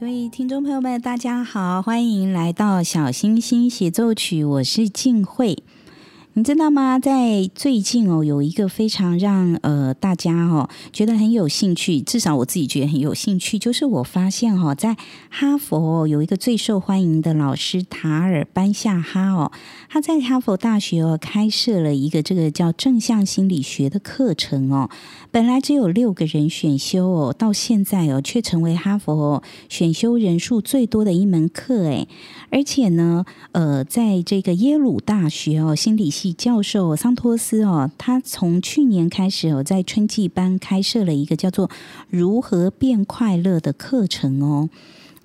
各位聽眾朋友們，大家好，歡迎來到《小星星協奏曲》，我是靜慧。你知道嗎？在最近哦，有一個非常讓呃大家哦覺得很有興趣，至少我自己覺得很有興趣，就是我發現哦，在哈佛、哦、有一個最受歡迎的老師塔爾班夏哈哦，他在哈佛大學、哦、開設了一個這個叫正向心理學的課程哦，本來只有六個人選修哦，到現在哦卻成為哈佛哦選修人數最多的一門課誒、哎，而且呢呃在這個耶魯大學哦心理系。教授桑托斯哦，他從去年開始哦，在春季班開設了一個叫做“如何變快樂”的課程哦。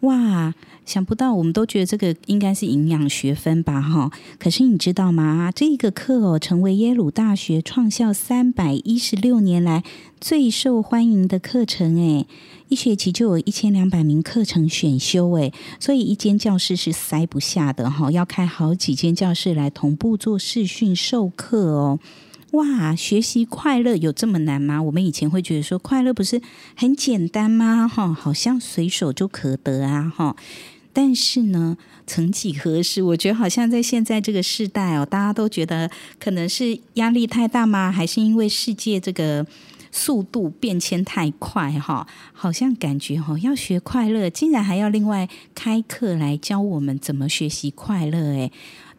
哇，想不到，我們都覺得這個應該是營養學分吧？哈，可是你知道嗎？這個課哦，成為耶魯大學創校三百一十六年來最受歡迎的課程誒、哎。一學期就有一千兩百名課程選修，誒，所以一間教室，是塞不下的哈，要開好幾間教室來同步做視訊授課哦。哇，學習快樂有這麼難嗎？我們以前會覺得說，快樂不是很簡單嗎？哈，好像隨手就可得啊，哈。但是呢，曾幾何時，我覺得好像在現在這個時代哦，大家都覺得可能是壓力太大嗎？還是因為世界這個？速度變遷太快哈，好像感覺吼，要學快樂，竟然還要另外開課來教我們怎麼學習快樂誒。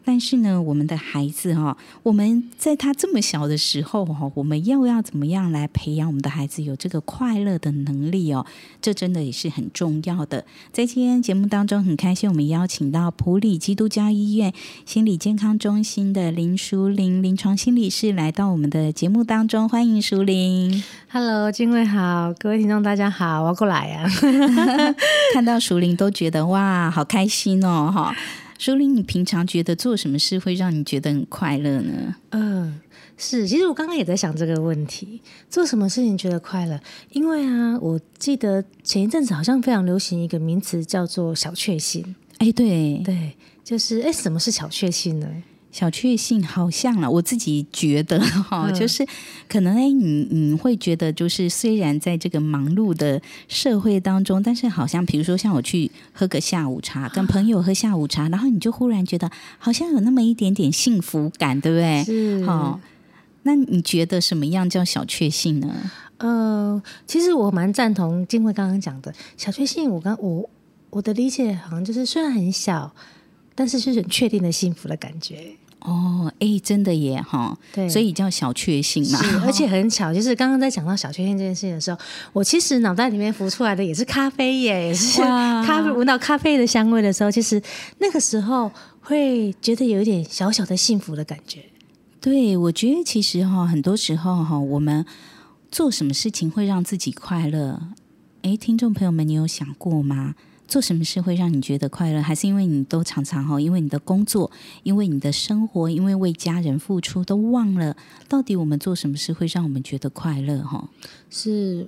但是呢，我們的孩子哈、哦，我們在他這麼小的時候哈、哦，我們又要，要怎麼樣來培養我們的孩子有這個快樂的能力哦？這真的也是很重要的。在今天節目當中，很開心我們邀請到埔里基督教醫院心理健康中心的林淑玲臨床心理師來到我們的節目當中，歡迎淑玲。Hello，靜慧好，各位聽眾大家好，我過來啊， 看到淑玲都覺得哇，好開心哦，哈。淑鈴，Julie，你平常覺得做什麼事會讓你覺得很快樂呢？嗯、呃，是，其實我剛剛也在想這個問題，做什麼事情覺得快樂？因為啊，我記得前一陣子好像非常流行一個名詞叫做小確幸。哎，對，對，就是哎，什麼是小確幸呢？小確幸好像了，我自己覺得哈，哦嗯、就是可能誒，你你會覺得就是，雖然在這個忙碌的社會當中，但是好像，比如說像我去喝個下午茶，跟朋友喝下午茶，啊、然後你就忽然覺得好像有那麼一點點幸福感，對不對？是。好、哦，那你覺得什麼樣叫小確幸呢？呃，其實我蠻贊同靜慧剛剛講的小確幸我，我剛我我的理解好像就是，雖然很小，但是是很確定的幸福的感覺。哦，哎，真的耶，哈，對，所以叫小確幸嘛。而且很巧，就是剛剛在講到小確幸這件、件事情的時候，我其實腦袋裡面浮出來的也是咖啡耶，哇咖啡，聞到咖啡的香味的時候，其實那個時候會覺得有一點小小的幸福的感覺。對，我覺得其實哈，很多時候哈，我們做什麼事情會讓自己快樂？哎，聽眾朋友們，你有想過嗎？做什麼事會讓你覺得快樂？還是因為你都常常哈？因為你的工作，因為你的生活，因為為家人付出，都忘了，到底我們做什麼事會讓我們覺得快樂？哈，是，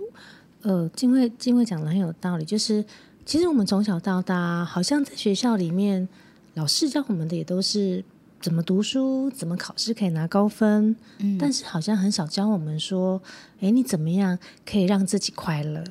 呃，靜慧靜慧講的很有道理，就是其實我們從小到大，好像在學校裡面，老師教我們的也都是怎麼讀書、怎麼考試可以拿高分，嗯，但是好像很少教我們說，哎，你怎麼樣可以讓自己快樂？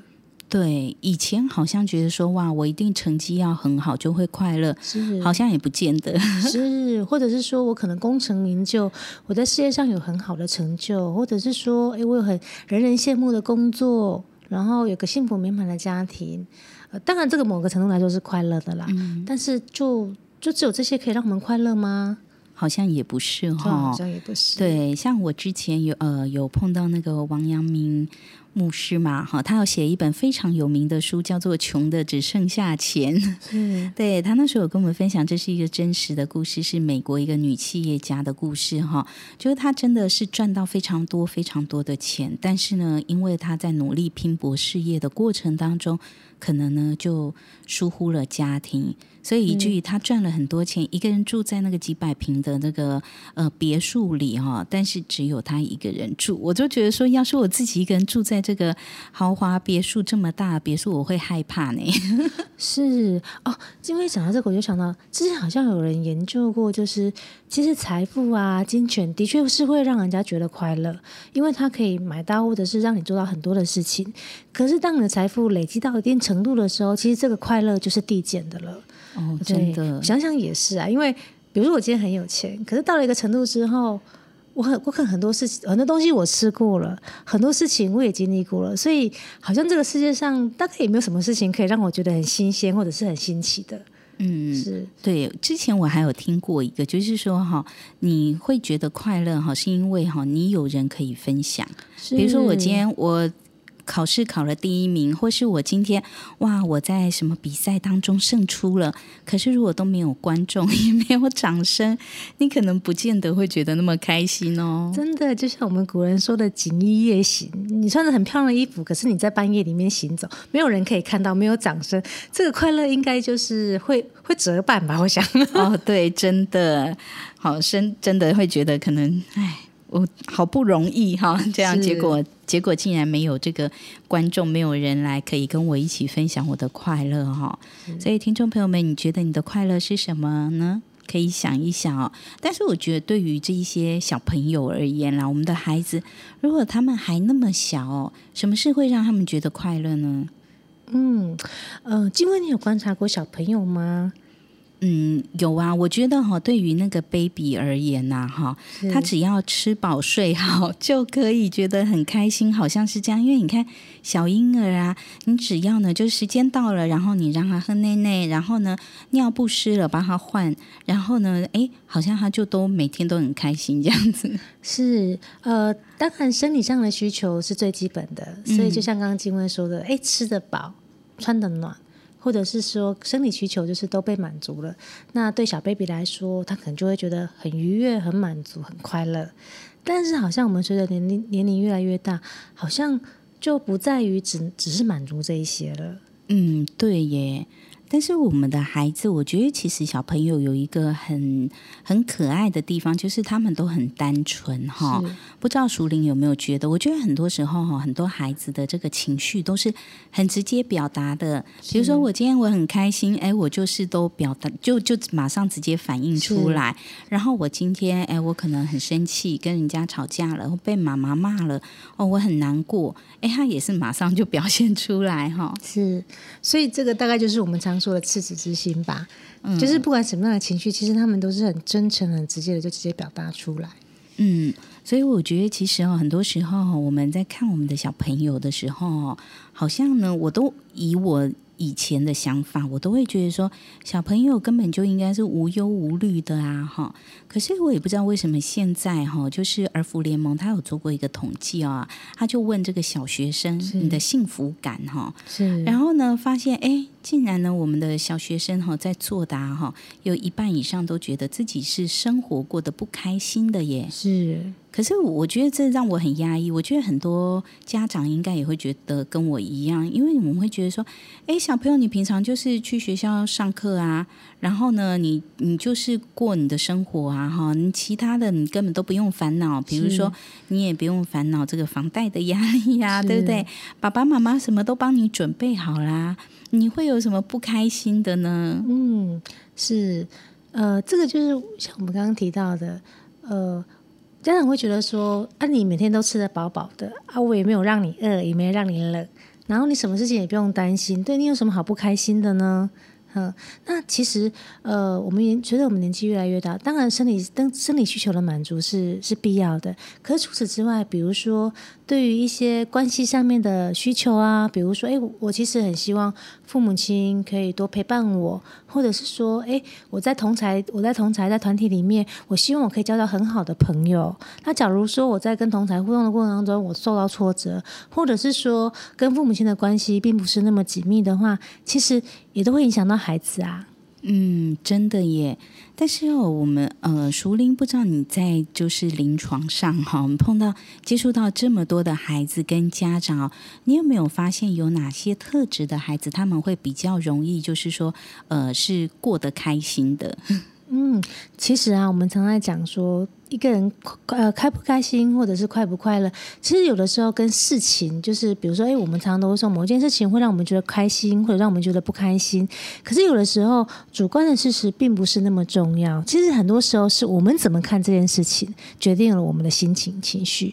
對，以前好像覺得說，哇，我一定成績要很好就會快樂，是好像也不見得。是，或者是說我可能功成名就，我在事業上有很好的成就，或者是說，哎，我有很人人羨慕的工作，然後有個幸福美滿的家庭，呃，當然這個某個程度來說是快樂的啦。嗯，但是就就只有這些可以讓我們快樂嗎？好像也不是哈，好像也不是。不是對，像我之前有呃有碰到那個王陽明牧師嘛，哈，他有寫一本非常有名的書，叫做《窮的只剩下錢》。是對，他那時候有跟我們分享，這是一個真實的故事，是美國一個女企業家的故事，哈，就是她真的是賺到非常多非常多的錢，但是呢，因為她在努力拼搏事業的過程當中，可能呢就疏忽了家庭。所以以至於他賺了很多錢，一個人住在那個幾百平的那個呃別墅裡哈，但是只有他一個人住。我就覺得說，要是我自己一個人住在這個豪華別墅這麼大別墅，我會害怕呢。是哦，因為講到這個，我就想到之前好像有人研究過，就是其實財富啊金錢的確是會讓人家覺得快樂，因為他可以買到或者是讓你做到很多的事情。可是當你的財富累積到一定程度的時候，其實這個快樂就是遞減的了。哦，真的，想想也是啊。因為，比如說我今天很有錢，可是到了一個程度之後，我很，我看很多事情，很多東西我吃過了，很多事情我也經歷過了，所以好像這個世界上大概也沒有什麼事情可以讓我覺得很新鮮或者是很新奇的。嗯，是對。之前我還有聽過一個，就是說哈，你會覺得快樂哈，是因為哈，你有人可以分享。是比如說我今天我。考試考了第一名，或是我今天哇，我在什麼比賽當中勝出了。可是如果都沒有觀眾，也沒有掌聲，你可能不見得會覺得那麼開心哦。真的，就像我們古人說的“錦衣夜行”，你穿着很漂亮的衣服，可是你在半夜裡面行走，沒有人可以看到，沒有掌聲，這個快樂應該就是會會折半吧？我想。哦，對，真的，好，真真的會覺得可能，唉。我好不容易哈，這樣結果是結果竟然沒有這個觀眾，沒有人來可以跟我一起分享我的快樂哈。是所以聽眾朋友們，你覺得你的快樂是什麼呢？可以想一想哦。但是我覺得對於這一些小朋友而言啦，我們的孩子如果他們還那麼小，什麼事會讓他們覺得快樂呢？嗯，呃，靜慧，你有觀察過小朋友嗎？嗯，有啊，我覺得哈，對於那個 baby 而言吶、啊，哈是，他只要吃飽睡好就可以覺得很開心，好像是這樣。因為你看小嬰兒啊，你只要呢，就是時間到了，然後你讓他喝奶奶，然後呢尿不濕了幫他換，然後呢，哎，好像他就都每天都很開心這樣子。是，呃，當然生理上的需求是最基本的，所以就像剛剛靜慧說的，哎、嗯，吃得飽，穿得暖。或者是說生理需求就是都被滿足了，那對小 baby 來說，他可能就會覺得很愉悅、很滿足、很快樂。但是好像我們隨着年齡年齡越來越大，好像就不在於只只是滿足這一些了。嗯，對耶。但是我們的孩子，我覺得其實小朋友有一個很很可愛的地方，就是他們都很單純哈。是不知道淑鈴有沒有覺得？我覺得很多時候哈，很多孩子的這個情緒都是很直接表達的。是比如說我今天我很開心，哎，我就是都表達，就就馬上直接反應，出來。是然後我今天哎，我可能很生氣，跟人家吵架了，被媽媽罵了，哦，我很難過，哎，他也是馬上就表現出來哈。是，所以這個大概就是我們常說。做了赤子之心吧，嗯、就是不管什麼樣的情緒，其實他們都是很真誠、很直接的，就直接表達出來。嗯，所以我覺得其實哦，很多時候我們在看我們的小朋友的時候，好像呢，我都以我。以前的想法，我都會覺得說，小朋友根本就應該是無憂無慮的啊，哈。可是我也不知道為什麼現在哈，就是兒福聯盟他有做過一個統計啊，他就問這個小學生，你的幸福感哈，是？然後呢，發現誒，竟然呢，我們的小學生哈在作答哈，有一半以上都覺得自己是生活過得不開心的耶，是。可是我覺得這讓我很壓抑。我覺得很多家長應該也會覺得跟我一樣，因為我們會覺得說，誒，小朋友，你平常就是去學校上課啊，然後呢，你你就是過你的生活啊，哈，你其他的你根本都不用煩惱，比如說你也不用煩惱這個房貸的壓力呀，是對不對？爸爸媽媽什麼都幫你準備好啦，你會有什麼不開心的呢？嗯，是，呃，這個就是像我們剛剛提到的，呃。家長會覺得說：“啊，你每天都吃得飽飽的啊，我也沒有讓你餓，也沒有讓你冷，然後你什麼事情也不用擔心，對你有什麼好不開心的呢？”嗯，那其實，呃，我們也隨着我們年紀越來越大，當然生理、生生理需求的滿足是是必要的，可是除此之外，比如說對於一些關係上面的需求啊，比如說，誒，我其實很希望父母親可以多陪伴我。或者是說，誒、欸，我在同儕，我在同儕，在團體裡面，我希望我可以交到很好的朋友。那假如說我在跟同儕互動的過程當中，我受到挫折，或者是說跟父母親的關係並不是那麼緊密的話，其實也都會影響到孩子啊。嗯，真的耶。但是哦，我們呃，淑鈴不知道你在就是臨床上哈、哦，我們碰到接觸到這麼多的孩子跟家長、哦、你有沒有發現有哪些特質的孩子他們會比較容易就是說呃是過得開心的？嗯，其實啊，我們常在講說。一個人，呃，開不開心，或者是快不快樂，其實有的時候跟事情就是，比如說，誒，我們常常都會說，某件事情會讓我們覺得開心，或者讓我們覺得不開心。可是有的時候，主觀的事實並不是那麼重要。其實很多時候是我們怎麼看這件事情，決定了我們的心情情緒。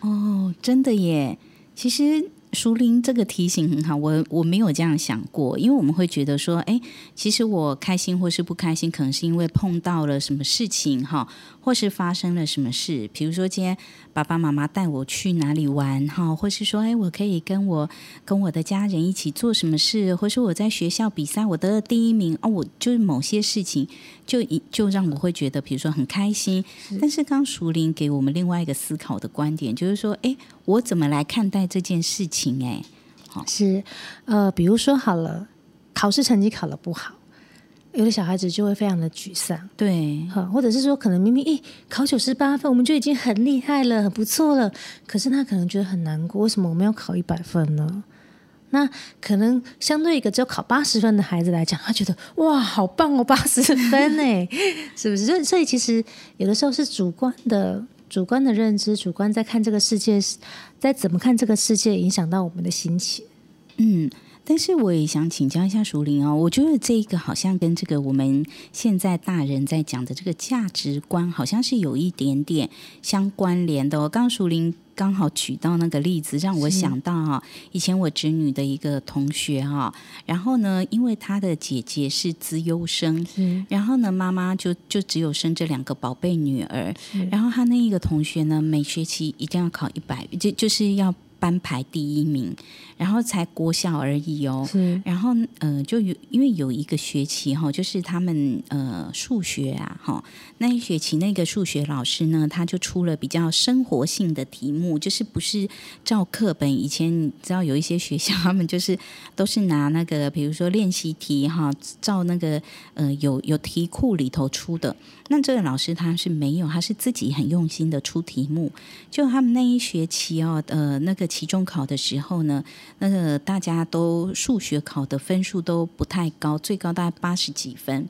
哦，真的耶！其實淑鈴這個提醒很好，我我沒有這樣想過，因為我們會覺得說，哎，其實我開心或是不開心，可能是因為碰到了什麼事情，哈。或是發生了什麼事，比如說今天爸爸媽媽帶我去哪裡玩哈，或是說哎、欸，我可以跟我跟我的家人一起做什麼事，或是我在學校比賽我得了第一名哦，我就是某些事情就一就讓我會覺得，比如說很開心。是，但是剛淑鈴給我們另外一個思考的觀點，就是說哎、欸，我怎麼來看待這件事情、欸？哎，好是呃，比如說好了，考試成績考了不好。有的小孩子就會非常的沮喪，對，好，或者是說，可能明明咦、欸、考九十八分，我們就已經很厲害了，很不錯了，可是他可能覺得很難過，為什麼我們要考一百分呢？嗯、那可能相對一個只有考八十分的孩子來講，他覺得哇好棒哦，八十分哎， 是不是？所以其實有的時候是主觀的，主觀的認知，主觀在看這個世界，在怎麼看這個世界，影響到我們的心情。嗯。但是我也想請教一下淑鈴哦，我覺得這個好像跟這個我們現在大人在講的這個價值觀，好像是有一點點相關聯的、哦。剛剛淑鈴剛好舉到那個例子，讓我想到、哦、是以前我侄女的一個同學哈、哦，然後呢，因為她的姐姐是資優生，是然後呢，媽媽就就只有生這兩個寶貝女兒，是然後她那一個同學呢，每學期一定要考一百，就就是要班排第一名。然後才國小而已哦。是。然後呃，就有因為有一個學期哈、哦，就是他們呃數學啊哈、哦、那一學期那個數學老師呢，他就出了比較生活性的題目，就是不是照課本。以前你知道有一些學校他們就是都是拿那個比如說練習題哈、哦，照那個呃有有題庫裡頭出的。那這個老師他是沒有，他是自己很用心的出題目。就他們那一學期哦，呃那個期中考的時候呢，那個大家都數學考的分數都不太高，最高大概八十幾分。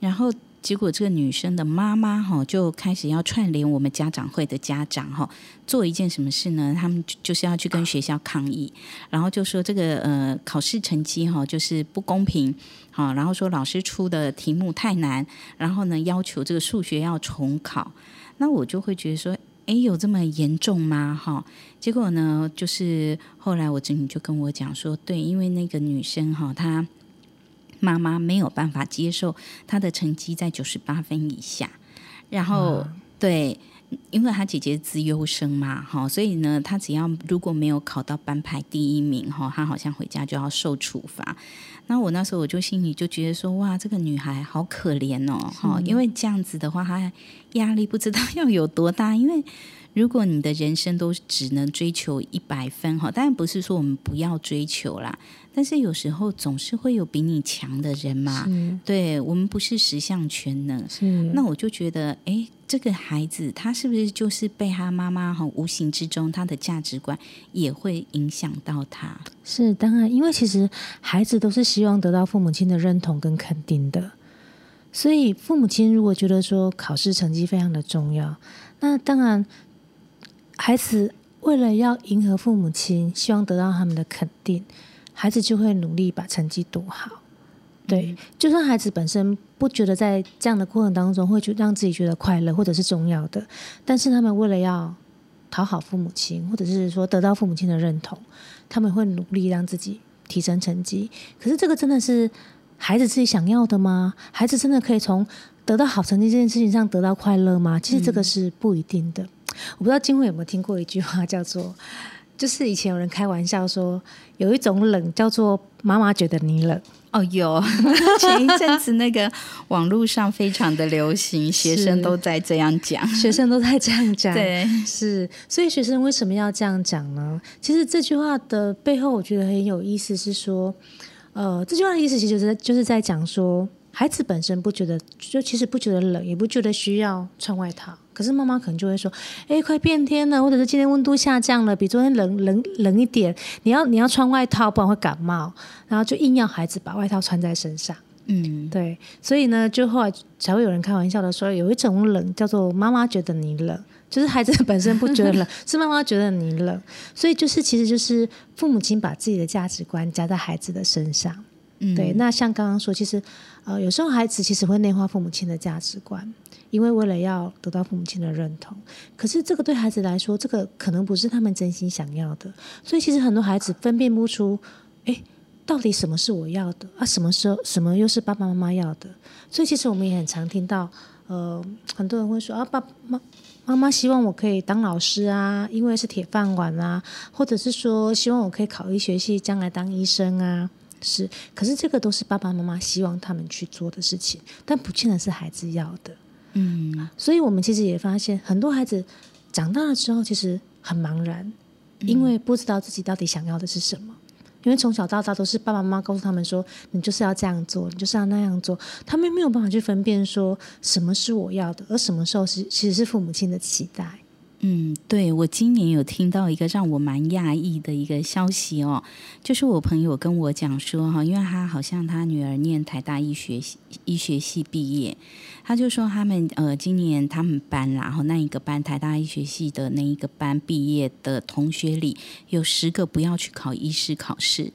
然後結果這個女生的媽媽哈就開始要串聯我們家長會的家長哈做一件什麼事呢？他們就是要去跟學校抗議，好然後就說這個呃考試成績哈就是不公平，好，然後說老師出的題目太難，然後呢要求這個數學要重考。那我就會覺得說。沒有這麼嚴重嗎？哈，結果呢，就是後來我侄女就跟我講說，對，因為那個女生哈，她媽媽沒有辦法接受她的成績在九十八分以下，然後、嗯、對，因為她姐姐資優生嘛，哈，所以呢，她只要如果沒有考到班排第一名，哈，她好像回家就要受處罰。那我那時候我就心裡就覺得說，哇，這個女孩好可憐哦，哈是，因為這樣子的話，她壓力不知道要有多大。因為如果你的人生都只能追求一百分，哈，當然不是說我們不要追求啦，但是有時候總是會有比你強的人嘛。是對，我們不是十項全能，是。那我就覺得，哎、欸。這個孩子他是不是就是被他媽媽哈無形之中他的價值觀也會影響到他？是，當然，因為其實孩子都是希望得到父母親的認同跟肯定的，所以父母親如果覺得說考試成績非常的重要，那當然，孩子為了要迎合父母親，希望得到他們的肯定，孩子就會努力把成績讀好。對，就算孩子本身不覺得在這樣的過程當中會讓自己覺得快樂或者是重要的，但是他們為了要討好父母親，或者是說得到父母親的認同，他們會努力讓自己提升成績。可是這個真的是孩子自己想要的嗎？孩子真的可以從得到好成績這件事情上得到快樂嗎？其實這個是不一定的。嗯、我不知道靜慧有沒有聽過一句話，叫做“就是以前有人開玩笑說，有一種冷叫做媽媽覺得你冷”。哦，有前一陣子那個網絡上非常的流行， 是學生都在這樣講，學生都在這樣講，對，是，所以學生為什麼要這樣講呢？其實這句話的背後，我覺得很有意思，是說，呃，這句話的意思其實就是就是在講說。孩子本身不覺得，就其實不覺得冷，也不覺得需要穿外套。可是媽媽可能就會說：“哎，快變天了，或者是今天溫度下降了，比昨天冷冷冷一點，你要你要穿外套，不然會感冒。”然後就硬要孩子把外套穿在身上。嗯，對。所以呢，就後來才會有人開玩笑的說：“有一種冷，叫做媽媽覺得你冷，就是孩子本身不覺得冷， 是媽媽覺得你冷。”所以就是，其實就是父母親把自己的價值觀加在孩子的身上。嗯，對。那像剛剛說，其實。呃，有時候孩子其實會內化父母親的價值觀，因為為了要得到父母親的認同，可是這個對孩子來說，這個可能不是他們真心想要的。所以其實很多孩子分辨不出，哎，到底什麼是我要的啊？什麼時候什麼又是爸爸媽媽要的？所以其實我們也很常聽到，呃，很多人會說啊，爸媽媽媽希望我可以當老師啊，因為是鐵飯碗啊，或者是說希望我可以考醫學系，將來當醫生啊。是，可是這個都是爸爸媽媽希望他們去做的事情，但不見得是孩子要的。嗯，所以，我們其實也發現，很多孩子長大了之後，其實很茫然，因為不知道自己到底想要的是什麼。嗯，因為從小到大都是爸爸媽媽告訴他們說：“你就是要這樣做，你就是要那樣做。”他們沒有辦法去分辨，說什麼是我要的，而什麼時候是其實是父母親的期待。嗯，對，我今年有聽到一個讓我蠻訝異的一個消息哦，就是我朋友跟我講說，哈，因為他好像他女兒念台大醫學系，醫學系畢業，他就說他們呃，今年他們班，然後那一個班台大醫學系的那一個班畢業的同學裡，有十個不要去考醫師考試，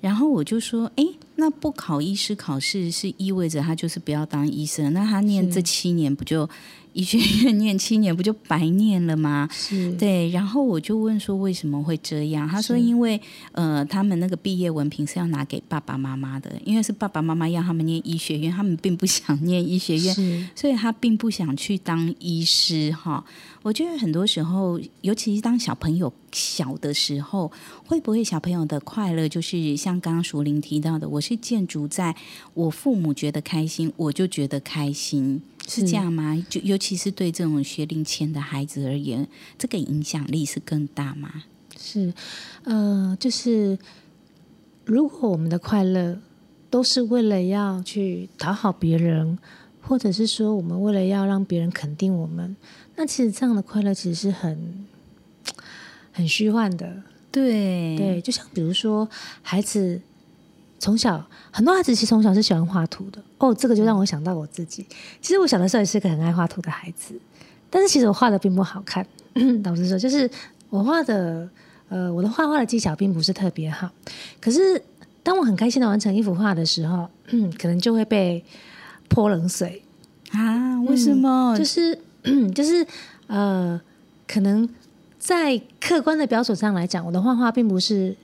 然後我就說，誒，那不考醫師考試是意味着他就是不要當醫生，那他念這七年不就？醫學院念七年，不就白念了嗎？是對。然後我就問說，為什麼會這樣？他說，因為是呃，他們那個畢業文憑是要拿給爸爸媽媽的，因為是爸爸媽媽要他們念醫學院，他們並不想念醫學院，是所以他並不想去當醫師。哈，我覺得很多時候，尤其是當小朋友小的時候，會不會小朋友的快樂就是像剛剛淑鈴提到的，我是建築在我父母覺得開心，我就覺得開心。是這樣嗎？就尤其是對這種學齡前的孩子而言，這個影響力是更大嗎？是，呃，就是如果我們的快樂都是為了要去討好別人，或者是說我們為了要讓別人肯定我們，那其實這樣的快樂其實是很很虛幻的。對，對，就像比如說孩子。從小很多孩子其實從小是喜歡畫圖的哦，oh, 這個就讓我想到我自己。其實我小的時候也是個很愛畫圖的孩子，但是其實我畫的並不好看。 老實說，就是我畫的，呃，我的畫畫的技巧並不是特別好。可是當我很開心的完成一幅畫的時候，嗯，可能就會被潑冷水啊？為什麼？嗯，就是就是呃，可能在客觀的標準上來講，我的畫畫並不是。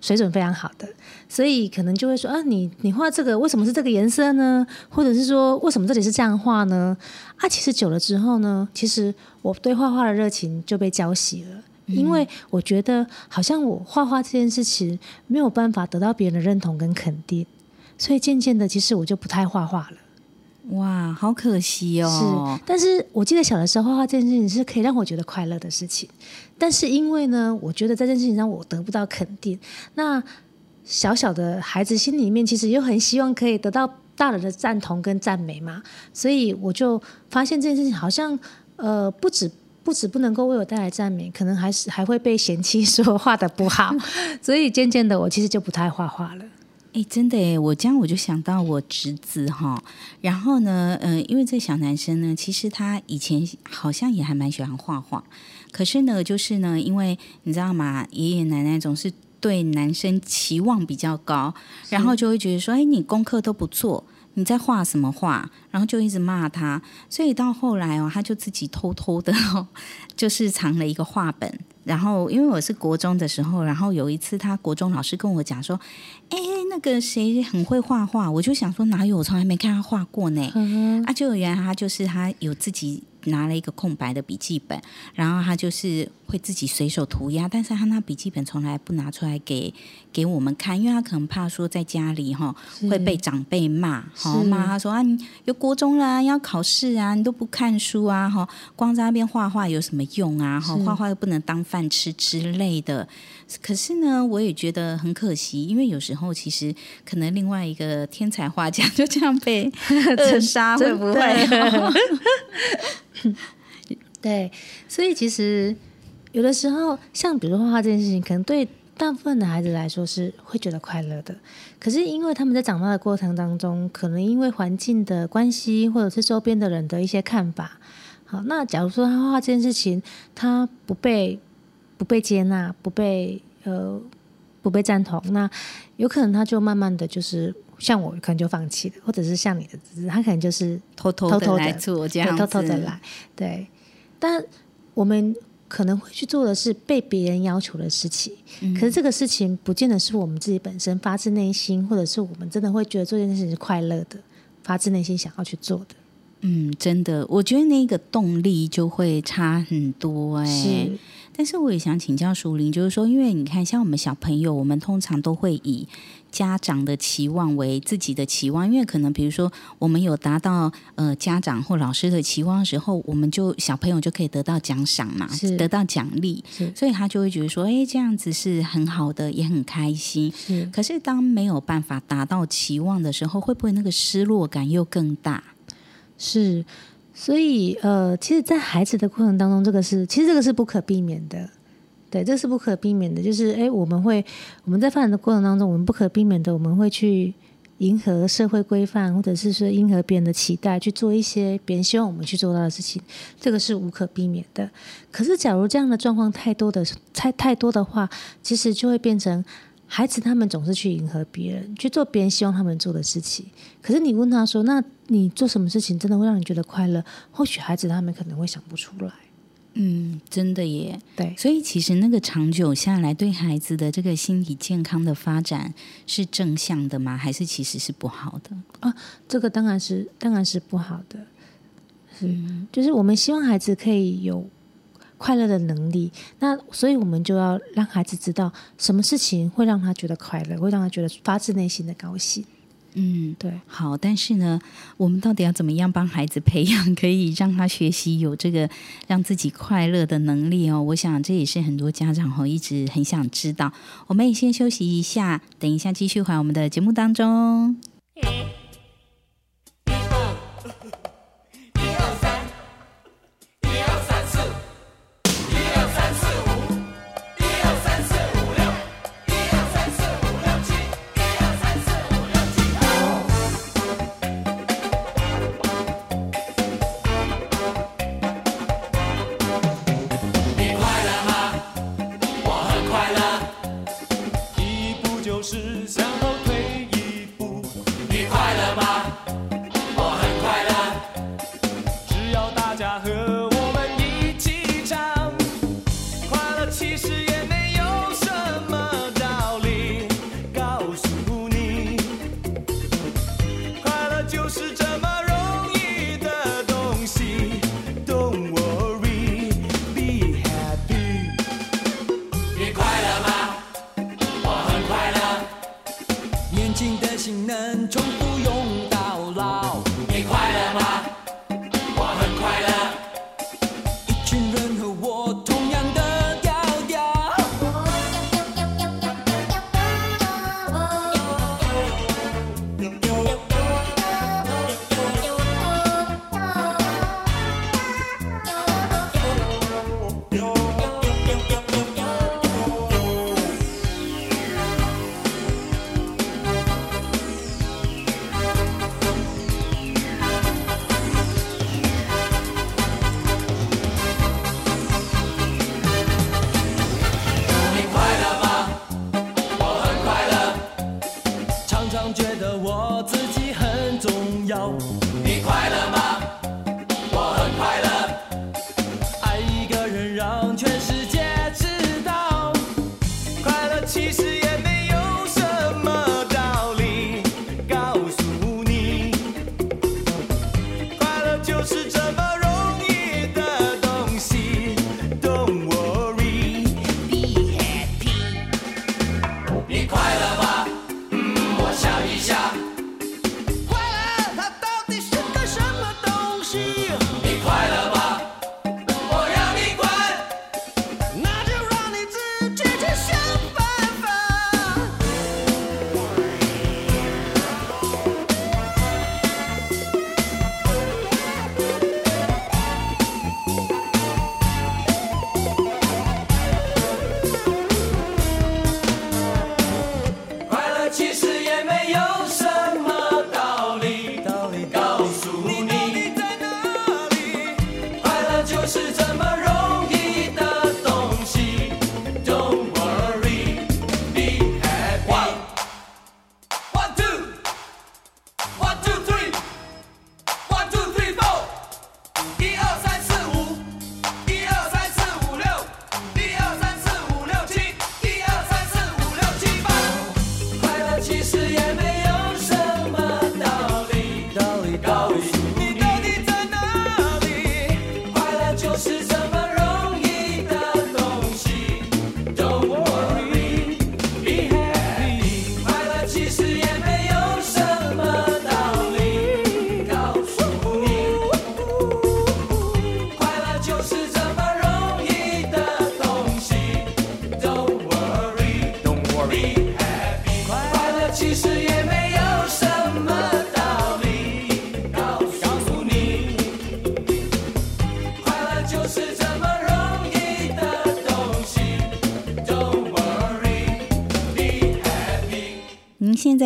水準非常好的，所以可能就會說，啊，你你畫這個為什麼是這個顏色呢？或者是說為什麼這裡是這樣畫呢？啊，其實久了之後呢，其實我對畫畫的熱情就被澆熄了，嗯，因為我覺得好像我畫畫這件事情沒有辦法得到別人的認同跟肯定，所以漸漸的，其實我就不太畫畫了。哇，好可惜哦！是，但是我記得小的時候，畫畫這件事情是可以讓我覺得快樂的事情。但是因為呢，我覺得在這件事情上我得不到肯定，那小小的孩子心裡面其實又很希望可以得到大人的贊同跟讚美嘛，所以我就發現這件事情好像，呃，不止不止不能夠為我帶來讚美，可能還是還會被嫌棄說，畫的不好， 所以漸漸的我其實就不太愛畫畫了。哎，真的哎，我這樣我就想到我侄子哈，然後呢，嗯、呃，因為這小男生呢，其實他以前好像也還蠻喜歡畫畫，可是呢，就是呢，因為你知道嗎？爺爺奶奶總是對男生期望比較高，是然後就會覺得說，哎，你功課都不錯。你在畫什麼畫？然後就一直罵他，所以到後來哦，他就自己偷偷的喔，就是藏了一個畫本。然後因為我是國中的時候，然後有一次他國中老師跟我講說：“欸，那個誰很會畫畫。”我就想說哪有？我從來沒看他畫過呢。嗯哼。啊，就原來他就是他有自己拿了一個空白的筆記本，然後他就是。會自己隨手塗鴉，但是他那筆記本從來不拿出來給給我們看，因為他可能怕說在家裡哈會被長輩罵，哈罵他說啊，你有國中啦、啊，要考試啊，你都不看書啊，哈光在那邊畫畫有什麼用啊，哈是畫畫又不能當飯吃之類的。可是呢，我也覺得很可惜，因為有時候其實可能另外一個天才畫家就這樣被扼殺，會 這對不會呵呵？ 對，所以其實。有的時候，像比如說畫畫這件事情，可能對大部分的孩子來說是會覺得快樂的。可是因為他們在長大的過程當中，可能因為環境的關係，或者是周邊的人的一些看法，好，那假如說他畫畫這件事情，他不被不被接納，不被呃不被贊同，那有可能他就慢慢的就是像我，可能就放棄了，或者是像你的兒子，他可能就是偷偷的偷偷的我這樣偷偷的來，對，但我們。可能會去做的是被別人要求的事情，嗯、可是這個事情不見得是我們自己本身發自內心，或者是我們真的會覺得做這件事情是快樂的，發自內心想要去做的。嗯，真的，我覺得那個動力就會差很多哎、欸。是，但是我也想請教淑鈴，就是說，因為你看，像我們小朋友，我們通常都會以。家長的期望為自己的期望，因為可能比如說我們有達到呃家長或老師的期望的時候，我們就小朋友就可以得到獎賞嘛，是得到獎勵，是所以他就會覺得說，哎、欸，這樣子是很好的，也很開心。是，可是當沒有辦法達到期望的時候，會不會那個失落感又更大？是，所以呃，其實，在孩子的過程當中，這個是，其實這個是不可避免的。對，這是不可避免的，就是誒，我們會我們在發展的過程當中，我們不可避免的，我們會去迎合社會規範，或者是說迎合別人的期待，去做一些別人希望我們去做到的事情，這個是無可避免的。可是，假如這樣的狀況太多的太太多的話，其實就會變成孩子他們總是去迎合別人，去做別人希望他們做的事情。可是你問他說，那你做什麼事情真的會讓你覺得快樂？或許孩子他們可能會想不出來。嗯，真的耶。對，所以其實那個長久下來，對孩子的這個心理健康的發展是正向的嗎？還是其實是不好的？啊，這個當然是，當然是不好的。是嗯，就是我們希望孩子可以有快樂的能力，那所以我們就要讓孩子知道，什麼事情會讓他覺得快樂，會讓他覺得發自內心的高興。嗯，對。好，但是呢，我們到底要怎麼樣幫孩子培養，可以讓他學習有這個讓自己快樂的能力哦？我想這也是很多家長哦一直很想知道。我們也先休息一下，等一下繼續回我們的節目當中。嗯。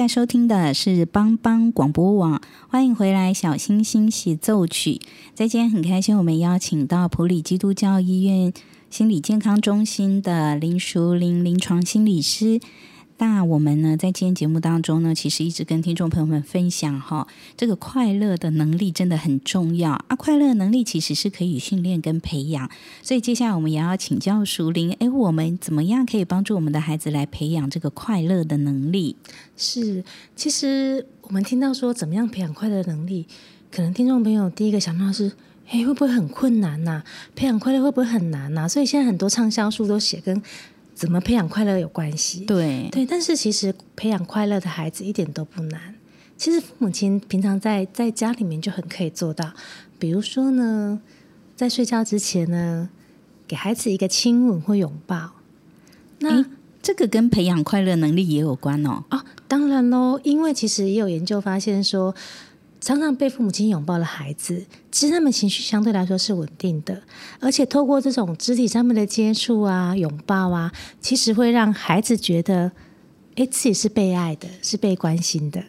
在收聽的是幫幫廣播網，歡迎回來，小星星協奏曲。再見，很開心，我們邀請到埔里基督教醫院心理健康中心的林淑玲臨床心理師。那我們呢，在今天節目當中呢，其實一直跟聽眾朋友們分享哈，這個快樂的能力真的很重要啊。快樂能力其實是可以訓練跟培養，所以接下來我們也要請教淑鈴，哎，我們怎麼樣可以幫助我們的孩子來培養這個快樂的能力？是，其實我們聽到說怎麼樣培養快樂的能力，可能聽眾朋友第一個想到是，哎，會不會很困難吶、啊？培養快樂會不會很難吶、啊？所以現在很多暢銷書都寫跟。怎麼培養快樂有關係？對對，但是其實培養快樂的孩子一點都不難。其實父母親平常在在家裡面就很可以做到，比如說呢，在睡覺之前呢，給孩子一個親吻或擁抱。那這個跟培養快樂能力也有關哦。啊，當然嘍，因為其實也有研究發現說。常常被父母親擁抱的孩子，其實他們情緒相對來說是穩定的，而且透過這種肢體上面的接觸啊、擁抱啊，其實會讓孩子覺得，哎，自己是被愛的，是被關心的。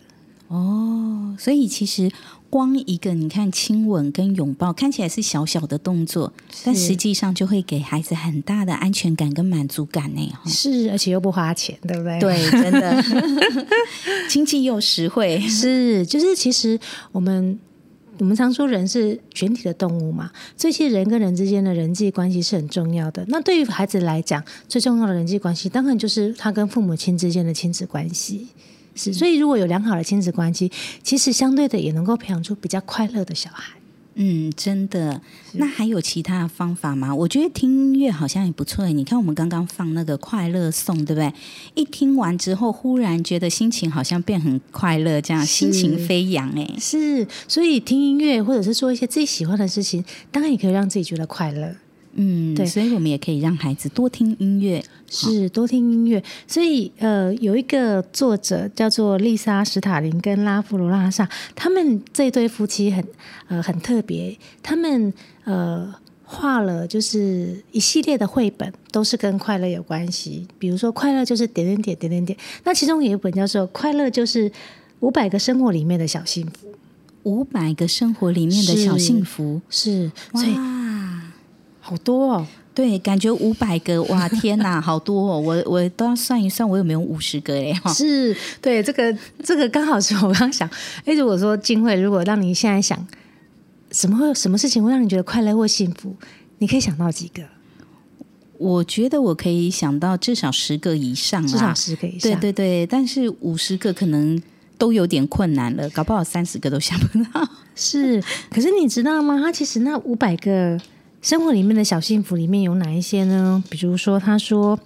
哦，所以其實光一個你看親吻跟擁抱，看起來是小小的動作，是但實際上就會給孩子很大的安全感跟滿足感呢、欸。是，而且又不花錢，對不對？對，真的，經濟 又實惠。是，就是其實我們我們常說人是群體的動物嘛，這些人跟人之間的人際關係是很重要的。那對於孩子來講，最重要的人際關係，當然就是他跟父母親之間的親子關係。是，所以如果有良好的親子關係，其實相對的也能夠培養出比較快樂的小孩。嗯，真的。是那還有其他方法嗎？我覺得聽音樂好像也不錯誒。你看我們剛剛放那個《快樂頌》，對不對？一聽完之後，忽然覺得心情好像變很快樂，這樣是心情飛揚誒。是，所以聽音樂或者是做一些自己喜歡的事情，當然也可以讓自己覺得快樂。嗯，對，所以我們也可以讓孩子多聽音樂，是多聽音樂。所以，呃，有一個作者叫做麗莎·史塔林跟拉夫羅拉薩，他們這對夫妻很、呃、很特別，他們呃畫了就是一系列的繪本，都是跟快樂有關係。比如說，快樂就是點點點點點點。那其中有一本叫做《快樂就是五百個生活裡面的小幸福》，五百個生活裡面的小幸福是哇。好多哦，對，感覺五百個，哇，天哪，好多哦！我我都要算一算，我有沒有五十個哎 是，對，這個這個剛好是我剛想，哎、欸，如果說靜慧，如果讓你現在想什麼會什麼事情會讓你覺得快樂或幸福，你可以想到幾個？我覺得我可以想到至少十個以上啊，至少十個以上，對對對，但是五十個可能都有點困難了，搞不好三十個都想不到。 是，可是你知道嗎？他其實那五百個。生活裡面的小幸福，裡面有哪一些呢？比如說，他說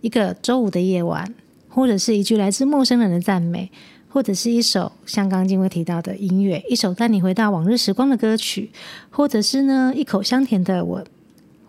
一個週五的夜晚，或者是一句來自陌生人的讚美，或者是一首像剛剛靜慧提到的音樂，一首帶你回到往日時光的歌曲，或者是呢一口香甜的吻，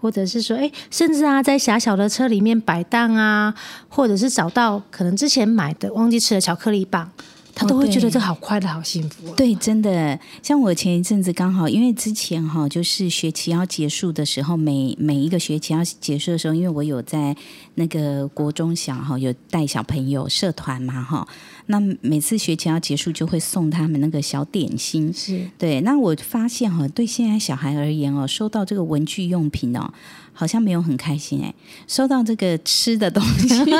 或者是說，哎，甚至啊，在狹小的車裡面擺盪啊，或者是找到可能之前買的忘記吃的巧克力棒。他都會覺得這好快樂對好幸福啊。對，真的，像我前一陣子剛好，因為之前哈，就是學期要結束的時候，每每一個學期要結束的時候，因為我有在那個國中小哈，有帶小朋友社團嘛哈，那每次學期要結束就會送他們那個小點心，是對。那我發現哈，對現在小孩而言哦，收到這個文具用品哦，好像沒有很開心，哎、欸，收到這個吃的東西，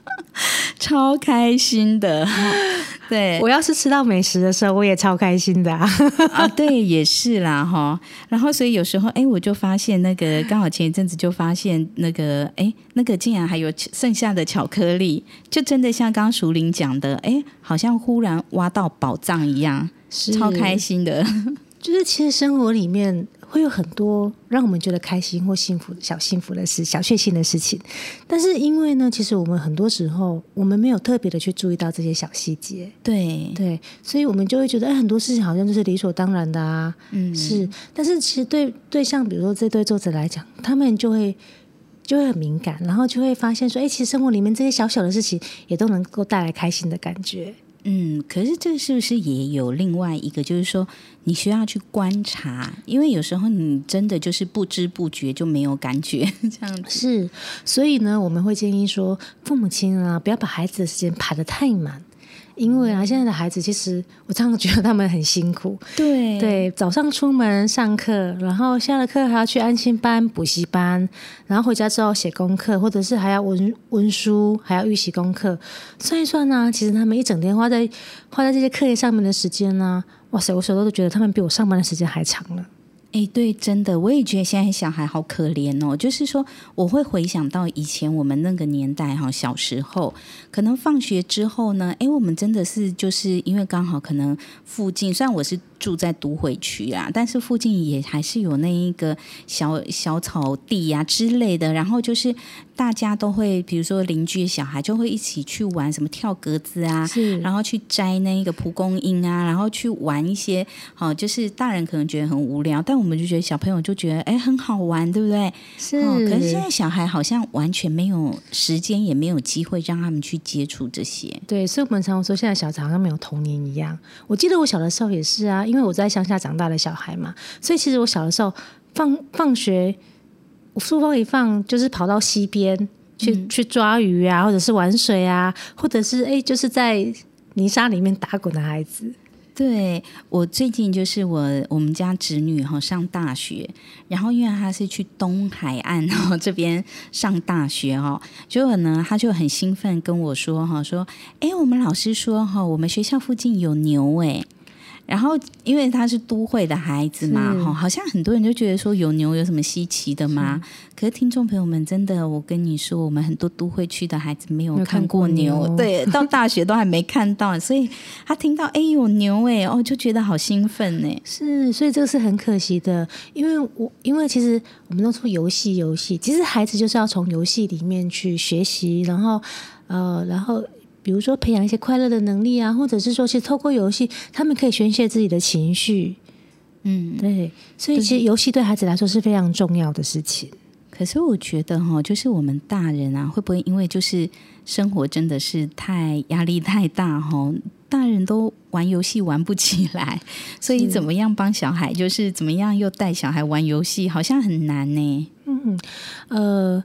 超開心的。對，我要是吃到美食的時候，我也超開心的啊。 啊，對，也是啦，哈。然後，所以有時候，哎、欸，我就發現那個，剛好前一陣子就發現那個，哎、欸，那個竟然還有剩下的巧克力，就真的像剛剛淑鈴講的，哎、欸，好像忽然挖到寶藏一樣，是超開心的。就是其實生活裡面會有很多讓我們覺得開心或幸福的小幸福的事，小確幸的事情，但是因為呢，其實我們很多時候我們沒有特別的去注意到這些小細節，對對，所以我們就會覺得哎，很多事情好像就是理所當然的啊，嗯是，但是其實對對象，比如說這對作者來講，他們就會就會很敏感，然後就會發現說，哎，其實生活裡面這些小小的事情，也都能夠帶來開心的感覺。嗯，可是這是不是也有另外一個，就是說你需要去觀察，因為有時候你真的就是不知不覺就沒有感覺，這樣子。是，所以呢，我們會建議說，父母親啊，不要把孩子的時間排得太滿。因為啊，現在的孩子其實我這樣覺得他們很辛苦。對對，早上出門上課，然後下了課還要去安親班補習班，然後回家之後寫功課，或者是還要溫溫書，還要預習功課。算一算呢、啊，其實他們一整天花在花在這些課業上面的時間呢、啊，哇塞！我有時候都覺得他們比我上班的時間還長了。誒、欸，對，真的，我也覺得現在小孩好可憐哦。就是說，我會回想到以前我們那個年代哈，小時候可能放學之後呢，誒、欸，我們真的是就是因為剛好可能附近，雖然我是住在都會區啊，但是附近也還是有那一個小小草地啊之類的。然後就是大家都會，比如說鄰居小孩就會一起去玩什麼跳格子啊，是，然後去摘那一個蒲公英啊，然後去玩一些。好，就是大人可能覺得很無聊，但。我們就覺得小朋友就覺得誒、欸，很好玩，對不對？是、哦。可是現在小孩好像完全沒有時間，也沒有機會讓他們去接觸這些。對，所以我們常常說現在小孩好像沒有童年一樣。我記得我小的時候也是啊，因為我在鄉下長大的小孩嘛，所以其實我小的時候放放學，我書包一放就是跑到溪邊去、嗯、去抓魚啊，或者是玩水啊，或者是哎、欸、就是在泥沙裡面打滾的孩子。對，我最近就是我我們家侄女哈、哦、上大學，然後因為她是去東海岸然後、哦、這邊上大學哦，結果呢，她就很興奮跟我說哈說，哎，我們老師說哈，我們學校附近有牛哎。然後，因為他是都會的孩子嘛，是好像很多人就覺得說有牛有什麼稀奇的嗎？是可是聽眾朋友們，真的，我跟你說，我們很多都會區的孩子沒有看過牛，過牛對， 到大學都還沒看到，所以他聽到哎、欸、有牛哎、欸，哦，就覺得好興奮呢、欸。是，所以這個是很可惜的，因為我因為其實我們都從遊戲遊戲，其實孩子就是要從遊戲裡面去學習，然後呃，然後。比如說，培養一些快樂的能力啊，或者是說，是透過遊戲，他們可以宣洩自己的情緒。嗯，對，所以其實遊戲對孩子來說是非常重要的事情。可是我覺得哈，就是我們大人啊，會不會因為就是生活真的是太壓力太大哈，大人都玩遊戲玩不起來，是所以怎麼樣幫小孩，就是怎麼樣又帶小孩玩遊戲，好像很難呢、欸。嗯，呃，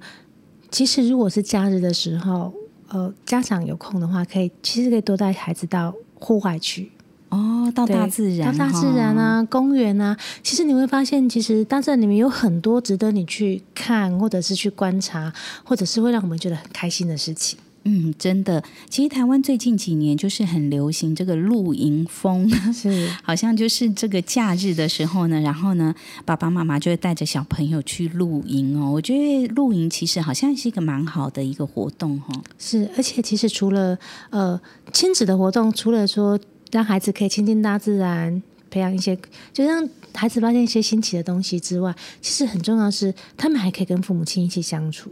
其實如果是假日的時候。呃，家長有空的話，可以其實可以多帶孩子到戶外去哦，到大自然，對到大自然啊，公園啊，嗯，其實你會發現，其實大自然裡面有很多值得你去看，或者是去觀察，或者是會讓我們覺得很開心的事情。嗯，真的，其實台灣最近幾年就是很流行這個露營風，是，好像就是這個假日的時候呢，然後呢，爸爸媽媽就會帶着小朋友去露營哦。我覺得露營其實好像是一個蠻好的一個活動哦。是，而且其實除了呃親子的活動，除了說讓孩子可以親近大自然，培養一些，就讓孩子發現一些新奇的東西之外，其實很重要是他們還可以跟父母親一起相處。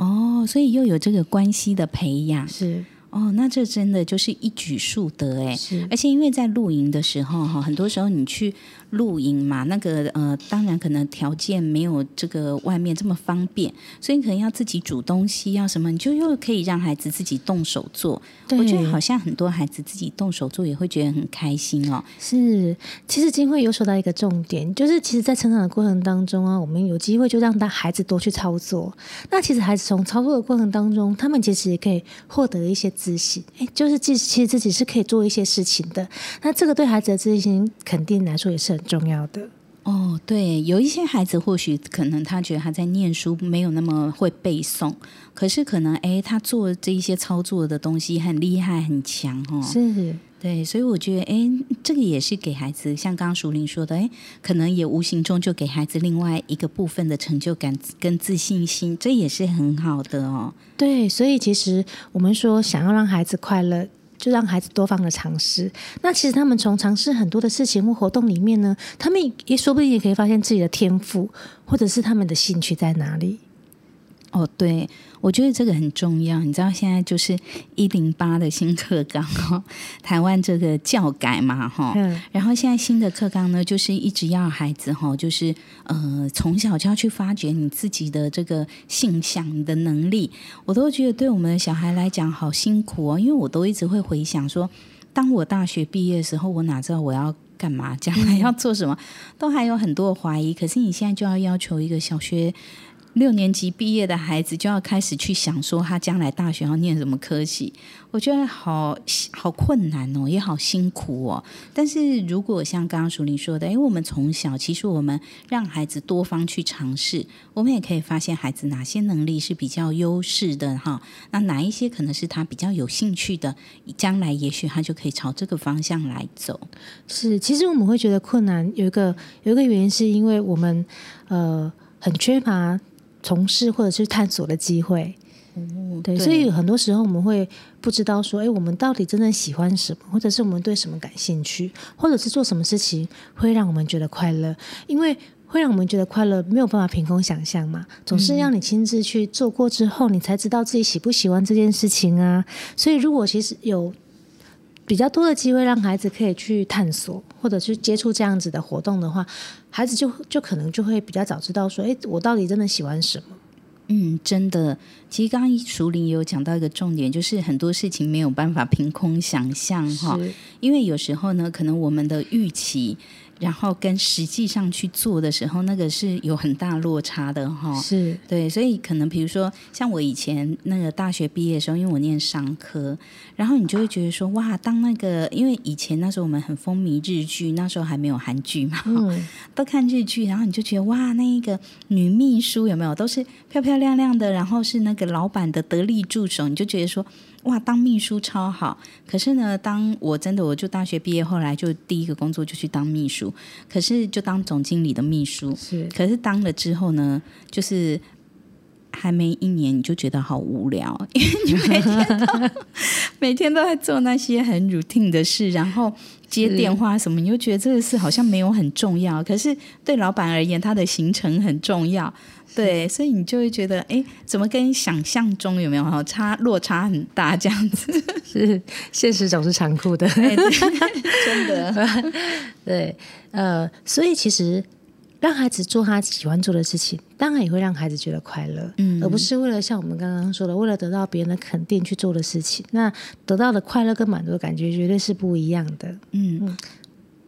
哦，所以又有這個關係的培養，是哦，那這真的就是一舉數得哎，是，而且因為在露營的時候哈，很多時候你去。露營嘛，那個呃，當然可能條件沒有這個外面這麼方便，所以你可能要自己煮東西，要什麼，你就又可以讓孩子自己動手做。對我覺得好像很多孩子自己動手做也會覺得很開心哦。是，其實靜慧有說到一個重點，就是其實，在成長的過程當中啊，我們有機會就讓他孩子多去操作。那其實孩子從操作的過程當中，他們其實也可以獲得一些自信，誒，就是自其實自己是可以做一些事情的。那這個對孩子的自信心肯定來說也是。重要的哦，oh, 對，有一些孩子或許可能他覺得他在念書沒有那麼會背誦，可是可能哎，他做這一些操作的東西很厲害很強哦，是，對，所以我覺得哎，這個也是給孩子，像剛剛淑鈴說的，哎，可能也無形中就給孩子另外一個部分的成就感跟自信心，這也是很好的哦。對，所以其實我們說想要讓孩子快樂。就讓孩子多方的嘗試，那其實他們從嘗試很多的事情或活動裡面呢，他們也說不定也可以發現自己的天賦，或者是他們的興趣在哪裡。哦，對。我覺得這個很重要，你知道現在就是一零八的新課綱，台灣這個教改嘛哈，嗯、然後現在新的課綱呢，就是一直要孩子哈，就是呃，從小就要去發掘你自己的這個性向的能力。我都覺得對我們的小孩來講好辛苦哦，因為我都一直會回想說，當我大學畢業的時候，我哪知道我要幹嘛，將來要做什麼，嗯、都還有很多懷疑。可是你現在就要要求一個小學。六年級畢業的孩子就要開始去想說他將來大學要念什麼科系，我覺得好好困難哦，也好辛苦哦。但是如果像剛剛淑鈴說的，欸，因為我們從小其實我們讓孩子多方去嘗試，我們也可以發現孩子哪些能力是比較優勢的哈。那哪一些可能是他比較有興趣的，將來也許他就可以朝這個方向來走。是，其實我們會覺得困難，有一個有一個原因是因為我們呃很缺乏。從事或者是探索的機會，對，嗯、對，所以很多時候我們會不知道說，哎，我們到底真正喜歡什麼，或者是我們對什麼感興趣，或者是做什麼事情會讓我們覺得快樂，因為會讓我們覺得快樂沒有辦法憑空想象嘛，總是讓你親自去做過之後，你才知道自己喜不喜歡這件事情啊。所以如果其實有比較多的機會，讓孩子可以去探索。或者是接觸這樣子的活動的話，孩子就就可能就會比較早知道說，誒、欸，我到底真的喜歡什麼？嗯，真的。其實剛剛淑鈴也有講到一個重點，就是很多事情沒有辦法憑空想象哈，是因為有時候呢，可能我們的預期。然後跟實際上去做的時候，那個是有很大落差的哈。是對，所以可能比如說，像我以前那個大學畢業的時候，因為我念商科，然後你就會覺得說，哇，當那個，因為以前那時候我們很風靡日劇，那時候還沒有韓劇嘛，嗯，都看日劇，然後你就覺得哇，那一個女秘書有沒有都是漂漂亮亮的，然後是那個老闆的得力助手，你就覺得說。哇，當秘書超好。可是呢，當我真的我就大學畢業，後來就第一個工作就去當秘書。可是就當總經理的秘書，是。可是當了之後呢，就是還沒一年，你就覺得好無聊，因為你每天都 每天都在做那些很 routine 的事，然後接電話什麼，是你就覺得這個事好像沒有很重要。可是對老闆而言，他的行程很重要。對，所以你就會覺得，哎，怎麼跟你想象中有沒有差，落差很大這樣子？是，現實總是殘酷的。真的， 對，呃，所以其實讓孩子做他喜歡做的事情，當然也會讓孩子覺得快樂，嗯，而不是為了像我們剛剛說的，為了得到別人的肯定去做的事情，那得到的快樂跟滿足的感覺絕對是不一樣的，嗯。嗯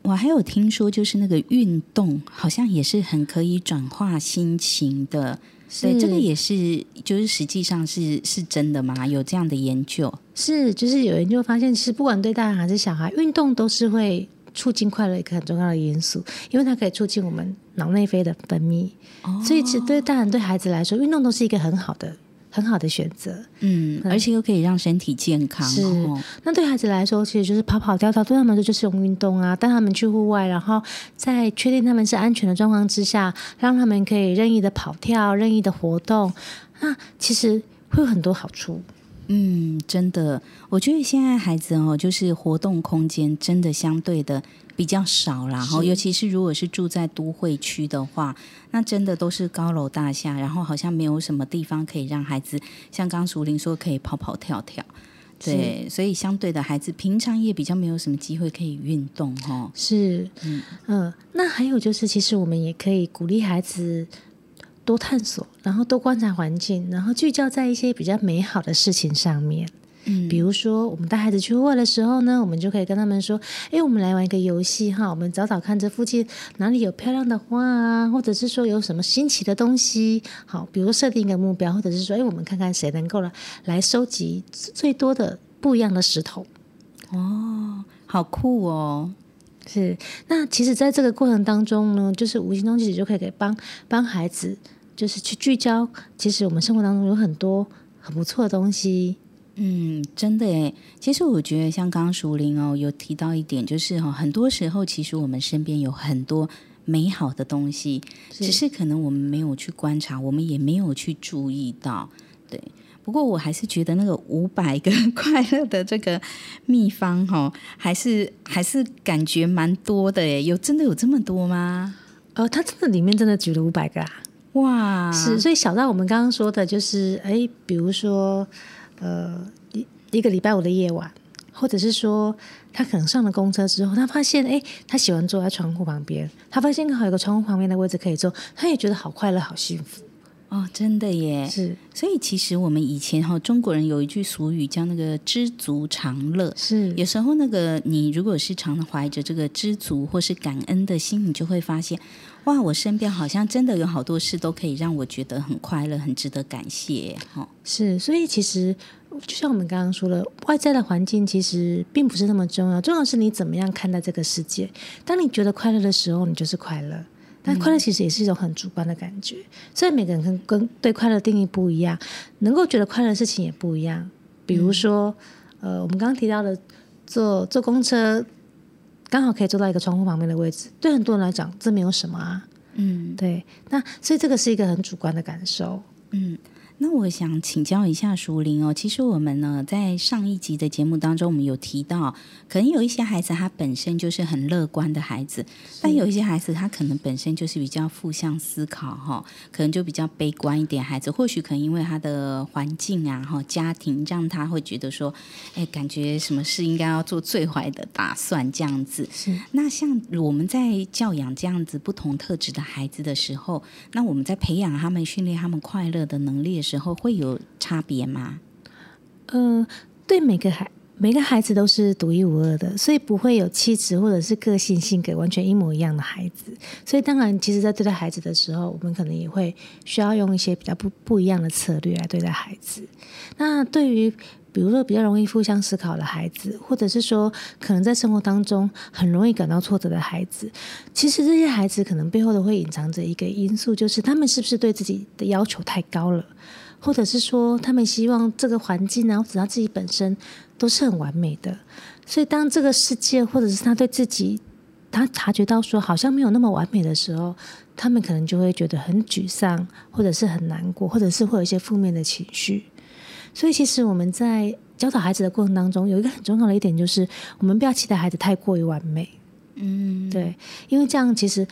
我還有聽說，就是那個運動好像也是很可以轉化心情的，所以是這個也是，就是實際上是是真的嗎？有這樣的研究？是，就是有研究發現，其實不管對大人還是小孩，運動都是會促進快樂一個很重要的因素，因為它可以促進我們腦內啡的分泌，所以其實對大人對孩子來說，運動都是一個很好的。很好的選擇，嗯，而且又可以讓身體健康。是，哦。那對孩子來說，其實就是跑跑跳跳，對他們來說就是一種運動啊。帶他們去戶外，然後在確定他們是安全的狀況之下，讓他們可以任意的跑跳、任意的活動，那其實會有很多好處。嗯，真的，我覺得現在孩子哦，就是活動空間真的相對的。比較少啦，然後是尤其是如果是住在都會區的話，那真的都是高樓大廈，然後好像沒有什麼地方可以讓孩子像剛淑鈴說可以跑跑跳跳，對，是所以相對的孩子平常也比較沒有什麼機會可以運動哦。是，嗯、呃，那還有就是，其實我們也可以鼓勵孩子多探索，然後多觀察環境，然後聚焦在一些比較美好的事情上面。嗯，比如說我們帶孩子去戶外的時候呢，我們就可以跟他們說：“哎，我們來玩一個遊戲哈，我們找找看這附近哪裡有漂亮的花啊，或者是說有什麼新奇的東西。好，比如設定一個目標，或者是說，哎，我們看看誰能夠了來，來收集最多的不一樣的石頭。哦，好酷哦！是，那其實在這個過程當中呢，就是無形中其實就可以給幫幫孩子，就是去聚焦。其實我們生活當中有很多很不錯的東西。”嗯，真的誒，其實我覺得像剛剛淑鈴哦，有提到一點，就是、哦、很多時候其實我們身邊有很多美好的東西，是只是可能我們沒有去觀察，我們也沒有去注意到。對，不過我還是覺得那個五百個快樂的這個秘方哦，還是還是感覺蠻多的誒，有真的有這麼多嗎？哦、呃，他真的裡面真的舉了五百個啊？哇，是，所以小到我們剛剛說的，就是誒，比如說。呃，一一個禮拜五的夜晚，或者是說，他可能上了公車之後，他發現，哎，他喜歡坐在窗戶旁邊，他發現剛好有個窗戶旁邊的位置可以坐，他也覺得好快樂、好幸福哦，真的耶。是，所以其實我們以前哈、哦，中國人有一句俗語，叫那個“知足常樂”。是，有時候那個你如果是常懷着這個知足或是感恩的心，你就會發現。哇，我身邊好像真的有好多事都可以讓我覺得很快樂，很值得感謝。哦、是，所以其實就像我們剛剛說的，外在的環境其實並不是那麼重要，重要的是你怎麼樣看待這個世界。當你覺得快樂的時候，你就是快樂。但快樂其實也是一種很主觀的感覺，嗯、所以每個人跟跟對快樂定義不一樣，能夠覺得快樂的事情也不一樣。比如說，嗯、呃，我們剛剛提到的坐坐公車。剛好可以坐到一個窗戶旁邊的位置。對很多人來講，這沒有什麼啊。嗯，對，那所以這個是一個很主觀的感受。嗯。那我想請教一下淑鈴哦，其實我們呢，在上一集的節目當中，我們有提到，可能有一些孩子他本身就是很樂觀的孩子，是但有一些孩子他可能本身就是比較負向思考哈，可能就比較悲觀一點孩子，或許可能因為他的環境啊哈，家庭讓他會覺得說，哎，感覺什麼事應該要做最壞的打算這樣子。是，那像我們在教養這樣子不同特質的孩子的時候，那我們在培養他們、訓練他們快樂的能力的時候。之後會有差別嗎？嗯、呃，對每個孩每個孩子都是獨一無二的，所以不會有氣質或者是個性性格完全一模一樣的孩子。所以當然，其實，在對待孩子的時候，我們可能也會需要用一些比較不不一樣的策略來對待孩子。那對於比如說比較容易互相思考的孩子，或者是說可能在生活當中很容易感到挫折的孩子，其實這些孩子可能背後都會隱藏着一個因素，就是他們是不是對自己的要求太高了？或者是說，他們希望這個環境啊，或者他自己本身都是很完美的。所以，當這個世界，或者是他對自己，他察覺到說，好像沒有那麼完美的時候，他們可能就會覺得很沮喪，或者是很難過，或者是會有一些負面的情緒。所以，其實我們在教導孩子的過程當中，有一個很重要的一點，就是我們不要期待孩子太過於完美。嗯，對，因為這樣其實。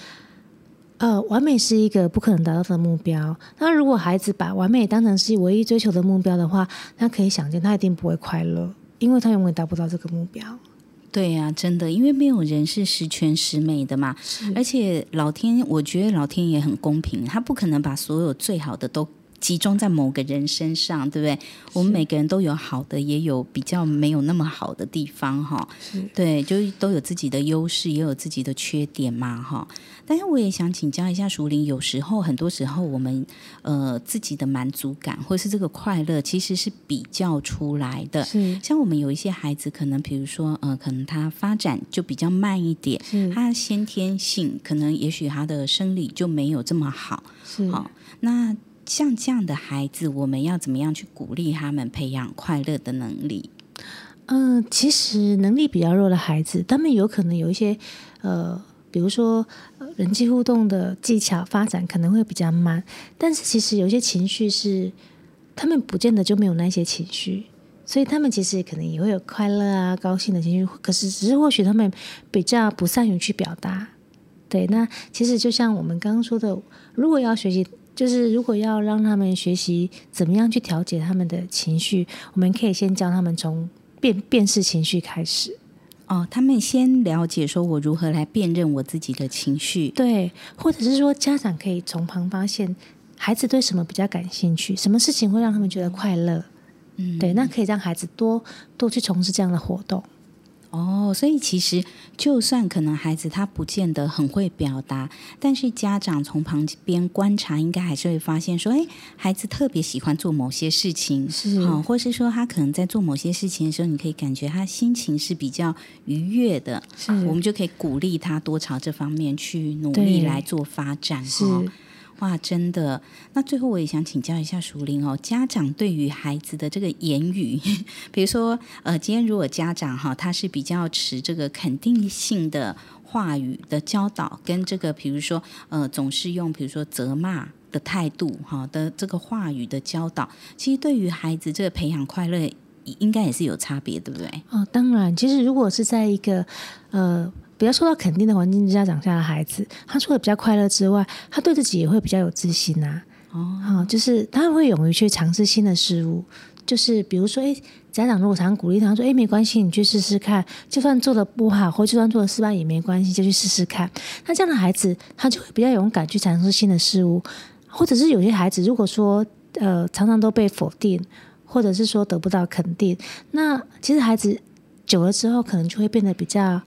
呃，完美是一個不可能達到的目標。那如果孩子把完美當成是唯一追求的目標的話，他可以想見，他一定不會快樂，因為他永遠達不到這個目標。對呀、啊，真的，因為沒有人是十全十美的嘛。是而且老天，我覺得老天也很公平，他不可能把所有最好的都。集中在某個人身上，對不對？是我們每個人都有好的，也有比較沒有那麼好的地方、哦，哈是。對，就是都有自己的優勢，也有自己的缺點嘛、哦，哈。但是我也想請教一下淑鈴，有時候很多時候我們呃自己的滿足感或是這個快樂，其實是比較出來的。是像我們有一些孩子，可能比如說呃，可能他發展就比較慢一點，是他先天性可能也許他的生理就沒有這麼好，是好、哦、那。像這樣的孩子，我們要怎麼樣去鼓勵他們培養快樂的能力？嗯，其實能力比較弱的孩子，他們有可能有一些呃，比如說人際互動的技巧發展可能會比較慢，但是其實有些情緒是他們不見得就沒有那些情緒，所以他們其實可能也會有快樂啊、高興的情緒，可是只是或許他們比較不善於去表達。對，那其實就像我們剛剛說的，如果要學習。就是如果要讓他們學習怎麼樣去調節他們的情緒，我們可以先教他們從辨辨識情緒開始。哦，他們先了解說，我如何來辨認我自己的情緒。對，或者是說，家長可以從旁發現孩子對什麼比較感興趣，什麼事情會讓他們覺得快樂。嗯，對，那可以讓孩子多多去從事這樣的活動。哦，所以其實就算可能孩子他不見得很會表達，但是家長從旁邊觀察，應該還是會發現說，哎，孩子特別喜歡做某些事情，是，啊、哦，或是說他可能在做某些事情的時候，你可以感覺他心情是比較愉悅的，是，我們就可以鼓勵他多朝這方面去努力來做發展，對哦、是。哇，真的！那最後我也想請教一下淑鈴哦，家長對於孩子的這個言語，比如說，呃，今天如果家長哈、哦、他是比較持這個肯定性的話語的教導，跟這個比如說，呃，總是用比如說責罵的態度哈、哦、的這個話語的教導，其實對於孩子這個培養快樂，應該也是有差別，對不對？哦，當然，其實如果是在一個，呃。比較受到肯定的環境之下，長大的孩子，他除了比較快樂之外，他對自己也會比較有自信吶、啊。哦、oh. 嗯，就是他會勇於去嘗試新的事物。就是比如說，哎、欸，家長如果常，常鼓勵他，他說：“哎、欸，沒關係，你去試試看，就算做的不好，或就算做的失敗也沒關係，就去試試看。”那這樣的孩子，他就會比較勇敢去嘗試新的事物。或者是有些孩子，如果說呃常常都被否定，或者是說得不到肯定，那其實孩子久了之後，可能就會變得比較。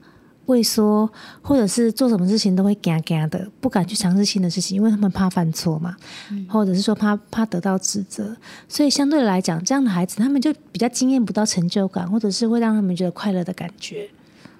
畏縮，或者是做什麼事情都會驚驚的，不敢去嘗試新的事情，因為他們怕犯錯嘛，嗯、或者是說怕怕得到指責，所以相對來講，這樣的孩子他們就比較經驗不到成就感，或者是會讓他們覺得快樂的感覺，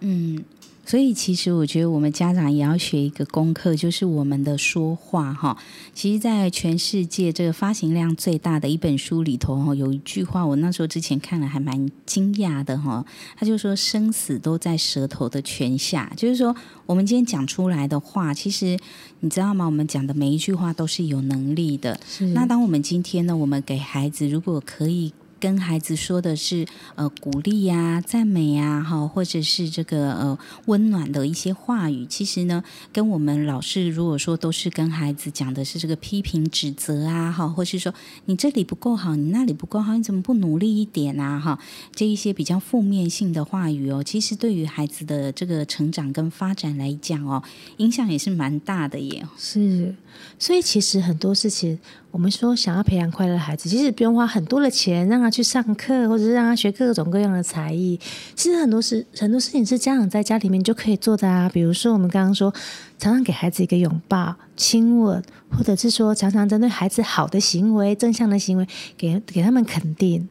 嗯。所以其實我覺得我們家長也要學一個功課，就是我們的說話哈。其實，在全世界這個發行量最大的一本書裡頭哈，有一句話我那時候之前看了還蠻驚訝的哈。他就是說：“生死都在舌頭的權下。”就是說，我們今天講出來的話，其實你知道嗎？我們講的每一句話都是有能力的。是那當我們今天呢，我們給孩子，如果可以。跟孩子說的是呃鼓勵呀、啊、讚美呀、啊，哈、哦，或者是這個呃溫暖的一些話語。其實呢，跟我們老師如果說都是跟孩子講的是這個批評、指責啊，哈、哦，或是說你這裡不夠好，你那裡不夠好，你怎麼不努力一點啊，哈、哦，這一些比較負面性的話語哦，其實對於孩子的這個成長跟發展來講哦，影響也是蠻大的耶。是，所以其實很多事情。我們說想要培養快樂的孩子，其實不用花很多的錢讓他去上課，或者是讓他學各種各樣的才藝。其實很多事很多事情是家長在家裡面就可以做的啊。比如說我們剛剛說，常常給孩子一個擁抱、親吻，或者是說常常針對孩子好的行為、正向的行為給給他們肯定，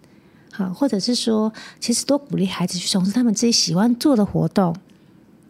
好，或者是說其實多鼓勵孩子去從事他們自己喜歡做的活動。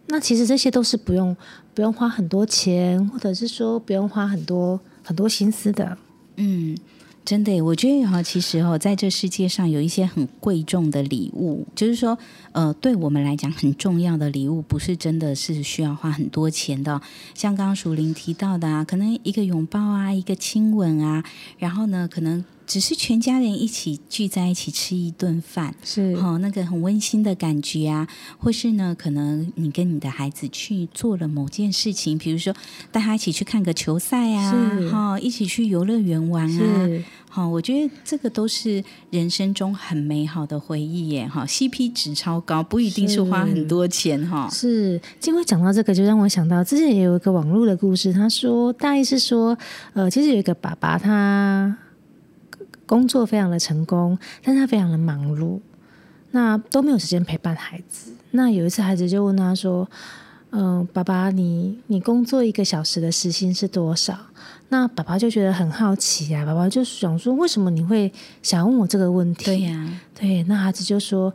那其實這些都是不用不用花很多錢，或者是說不用花很多很多心思的。嗯，真的，我覺得哈、哦，其實哦，在這世界上有一些很貴重的禮物，就是說，呃，對我們來講很重要的禮物，不是真的是需要花很多錢的、哦，像剛剛淑鈴提到的啊，可能一個擁抱啊，一個親吻啊，然後呢，可能。只是全家人一起聚在一起吃一頓飯，是、哦、那個很溫馨的感覺啊，或是呢，可能你跟你的孩子去做了某件事情，比如說，帶他一起去看個球賽啊，哈是、哦、一起去遊樂園玩啊，好是、哦，我覺得這個都是人生中很美好的回憶耶、哦，CP 值超高，不一定是花很多錢是，因為、哦、講到這個，就讓我想到之前也有一個網絡的故事，他說大意是說，呃，其實有一個爸爸他。工作非常的成功，但是他非常的忙碌，那都沒有時間陪伴孩子。那有一次孩子就問他說：“嗯、呃，爸爸你，你你工作一個小時的時薪是多少？”那爸爸就覺得很好奇呀、啊，爸爸就想說：“為什麼你會想問我這個問題？”對呀、啊，對。那孩子就說：“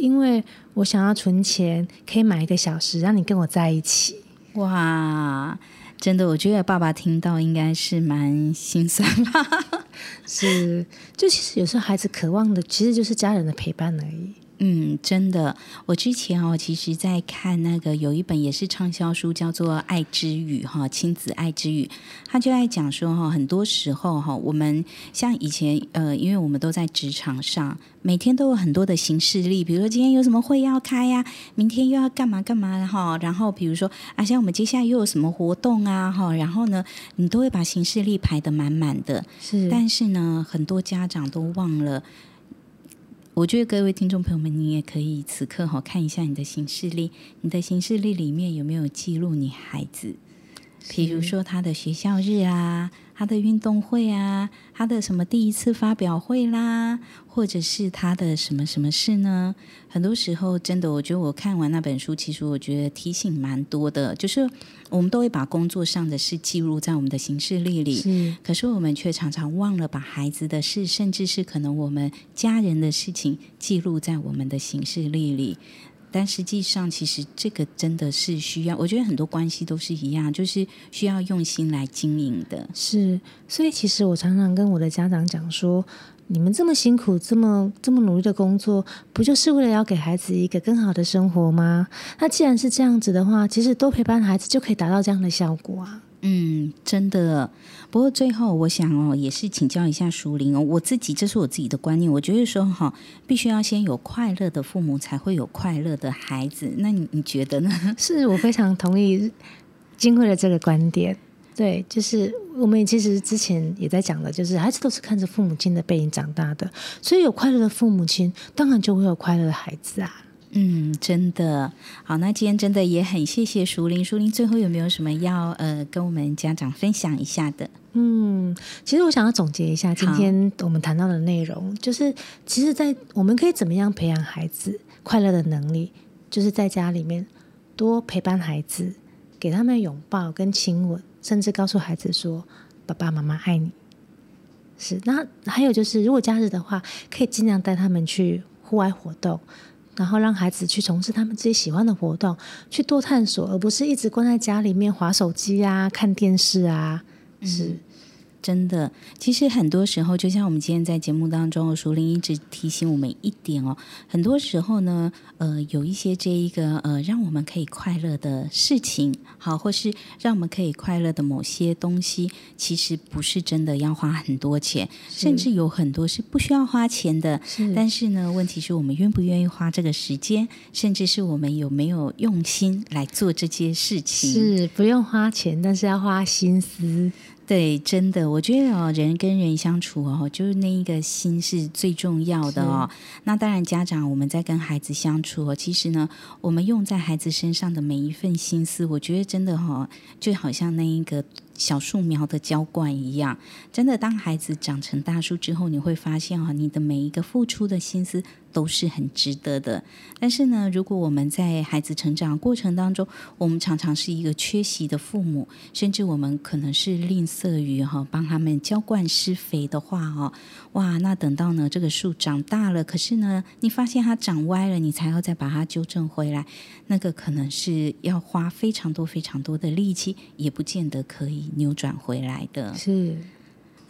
因為我想要存錢，可以買一個小時，讓你跟我在一起。”哇！真的，我覺得爸爸聽到應該是蠻心酸吧。 是，就其實有時候孩子渴望的其實就是家人的陪伴而已。嗯，真的，我之前哦，其實在看那個有一本也是暢銷書，叫做《愛之語》哈，親子愛之語，它就在講說哈，很多時候哈，我們像以前呃，因為我們都在職場上，每天都有很多的行事曆，比如說今天有什麼會要開呀、啊，明天又要幹嘛幹嘛，然後然後比如說啊，像我們接下來又有什麼活動啊，哈，然後呢，你都會把行事曆排得滿滿的，是，但是呢，很多家長都忘了。我覺得各位聽眾朋友們，你也可以此刻好看一下你的行事曆，你的行事曆裡面有沒有記錄你孩子？比如說他的學校日啊，是他的運動會啊，他的什麼第一次發表會啦，或者是他的什麼什麼事呢？很多時候，真的，我覺得我看完那本書，其實我覺得提醒蠻多的。就是我們都會把工作上的事記錄在我們的行事曆裡，是，可是我們卻常常忘了把孩子的事，甚至是可能我們家人的事情記錄在我們的行事曆裡。但實際上，其實這個真的是需要。我覺得很多關係都是一樣，就是需要用心來經營的。是，所以其實我常常跟我的家長講說，你們這麼辛苦，這麼這麼努力的工作，不就是為了要給孩子一個更好的生活嗎？那既然是這樣子的話，其實多陪伴孩子就可以達到這樣的效果啊。嗯，真的。不過最後，我想哦，也是請教一下淑鈴哦，我自己這是我自己的觀念，我覺得說哈、哦，必須要先有快樂的父母，才會有快樂的孩子。那你，你覺得呢？是，我非常同意靜慧的這個觀點。對，就是我們其實之前也在講的，就是孩子都是看着父母親的背影長大的，所以有快樂的父母親，當然就會有快樂的孩子啊。嗯，真的好。那今天真的也很謝謝淑鈴。淑鈴最後有沒有什麼要呃跟我們家長分享一下的？嗯，其實我想要總結一下今天我們談到的內容，好就是其實在，在我們可以怎麼樣培養孩子快樂的能力，就是在家裡面多陪伴孩子，給他們擁抱跟親吻，甚至告訴孩子說“爸爸媽媽愛你”。是，那還有就是，如果假日的話，可以盡量帶他們去戶外活動。然後讓孩子去從事他們自己喜歡的活動，去多探索，而不是一直關在家裡面滑手機啊、看電視啊，是。嗯真的，其實很多時候，就像我們今天在節目當中，淑鈴一直提醒我們一點哦，很多時候呢，呃，有一些這一個呃，讓我們可以快樂的事情，好，或是讓我們可以快樂的某些東西，其實不是真的要花很多錢，是甚至有很多是不需要花錢的。是。但是呢，問題是我們願不願意花這個時間，甚至是我們有沒有用心來做這件事情。是，不用花錢，但是要花心思。對，真的，我覺得哦，人跟人相處哦，就是那一個心是最重要的哦。是那當然，家長我們在跟孩子相處哦，其實呢，我們用在孩子身上的每一份心思，我覺得真的哦，就好像那一個小樹苗的澆灌一樣。真的，當孩子長成大樹之後，你會發現哦，你的每一個付出的心思。都是很值得的，但是呢，如果我們在孩子成長過程當中，我們常常是一個缺席的父母，甚至我們可能是吝嗇於哈幫他們澆灌施肥的話，哈，哇，那等到呢這個樹長大了，可是呢你發現它長歪了，你才要再把它糾正回來，那個可能是要花非常多非常多的力氣，也不見得可以扭轉回來的。是。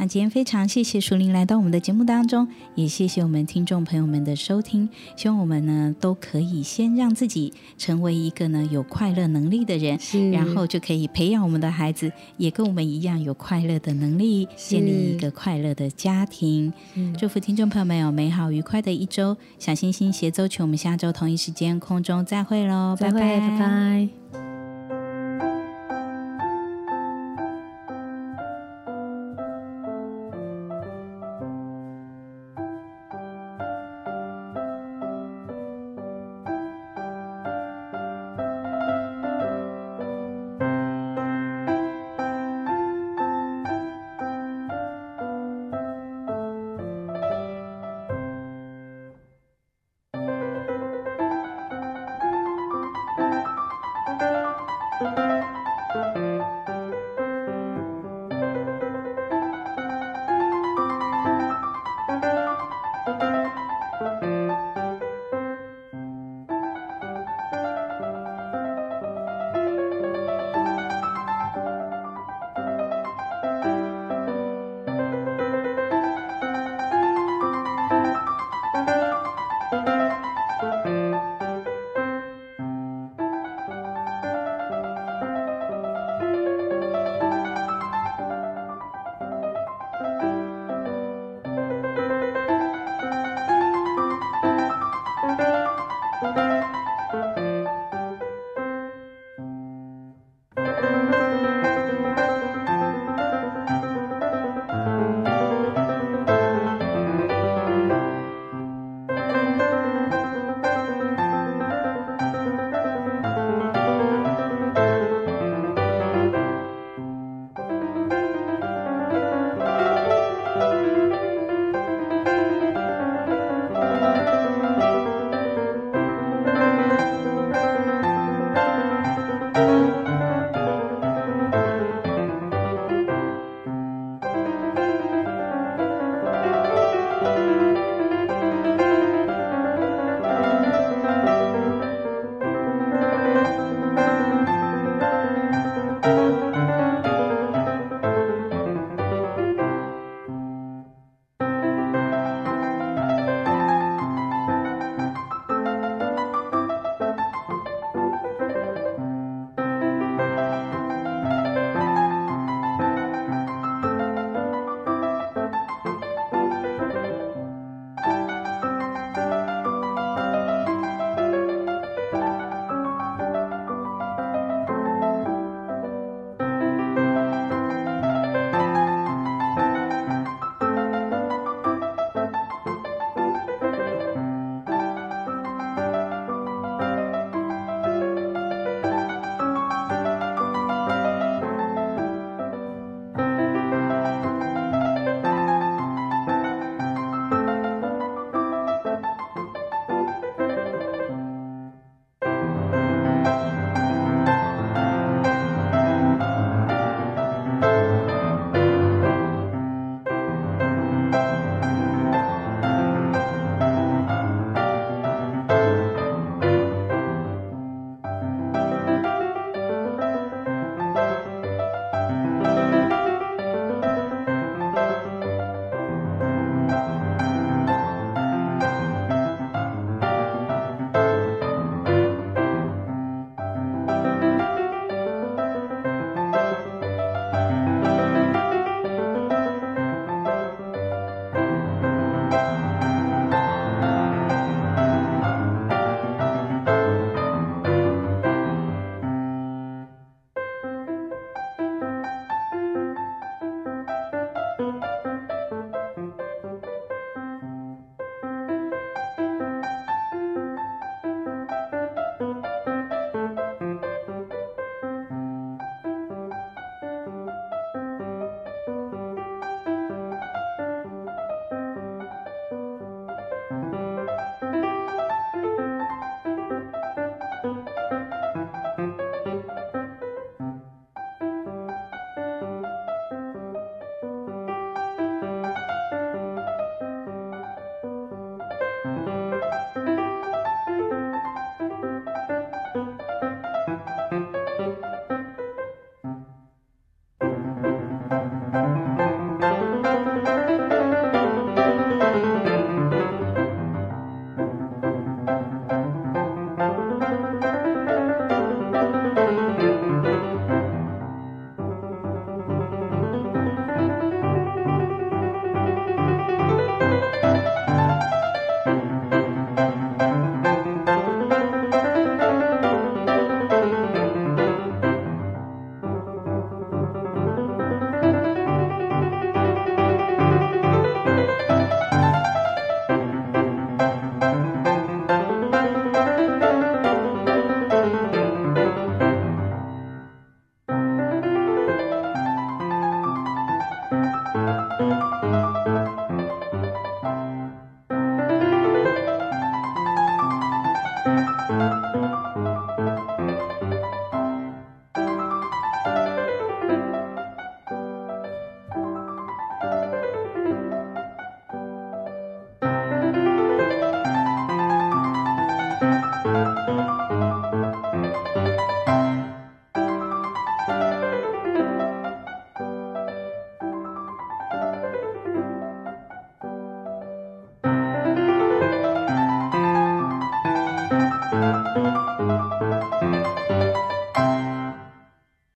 那今天非常謝謝淑鈴來到我們的節目當中，也謝謝我們聽眾朋友們的收聽。希望我們呢都可以先讓自己成為一個呢有快樂能力的人，是然後就可以培養我們的孩子也跟我們一樣有快樂的能力，是建立一個快樂的家庭。是祝福聽眾朋友們有美好愉快的一周。小星星協奏曲，我們下周同一時間空中再會嘍，拜拜。會拜拜。拜拜。